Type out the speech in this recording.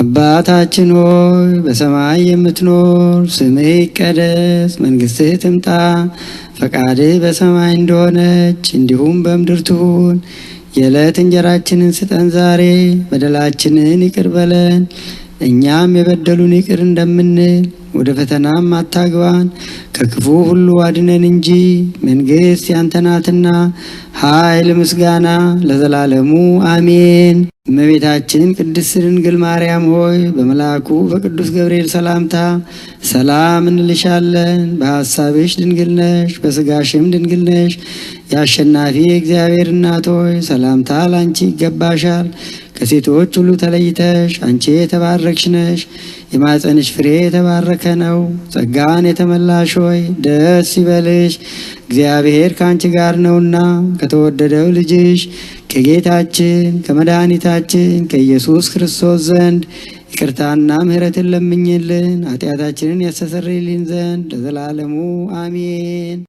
አባታችን ሆይ በሰማይ የምትኖር፣ ስምህ ይቀደስ፣ መንግሥትህ ትምጣ፣ ፈቃድህ በሰማይ እንደሆነች እንዲሁም በምድር ትሁን። የዕለት እንጀራችንን ስጠን ዛሬ፣ በደላችንን ይቅር በለን እኛም የበደሉን ይቅር እንደምንል ወደ ፈተናም አታግባን ከክፉ ሁሉ አድነን እንጂ መንግሥት ያንተ ናትና ኃይል፣ ምስጋና ለዘላለሙ አሜን። እመቤታችን ቅድስት ድንግል ማርያም ሆይ በመልአኩ በቅዱስ ገብርኤል ሰላምታ ሰላም እንልሻለን። በሐሳብሽ ድንግል ነሽ፣ በሥጋሽም ድንግል ነሽ። የአሸናፊ እግዚአብሔር እናት ሆይ ሰላምታ ላንቺ ይገባሻል። ከሴቶች ሁሉ ተለይተሽ አንቺ የተባረክሽ ነሽ፣ የማፀንሽ ፍሬ የተባረከ ነው። ጸጋን የተመላሽ ሆይ ደስ ይበልሽ፣ እግዚአብሔር ከአንቺ ጋር ነውና ከተወደደው ልጅሽ ከጌታችን ከመድኃኒታችን ከኢየሱስ ክርስቶስ ዘንድ ይቅርታና ምሕረትን ለምኝልን ኃጢአታችንን ያስተሰርይልን ዘንድ ለዘላለሙ አሜን።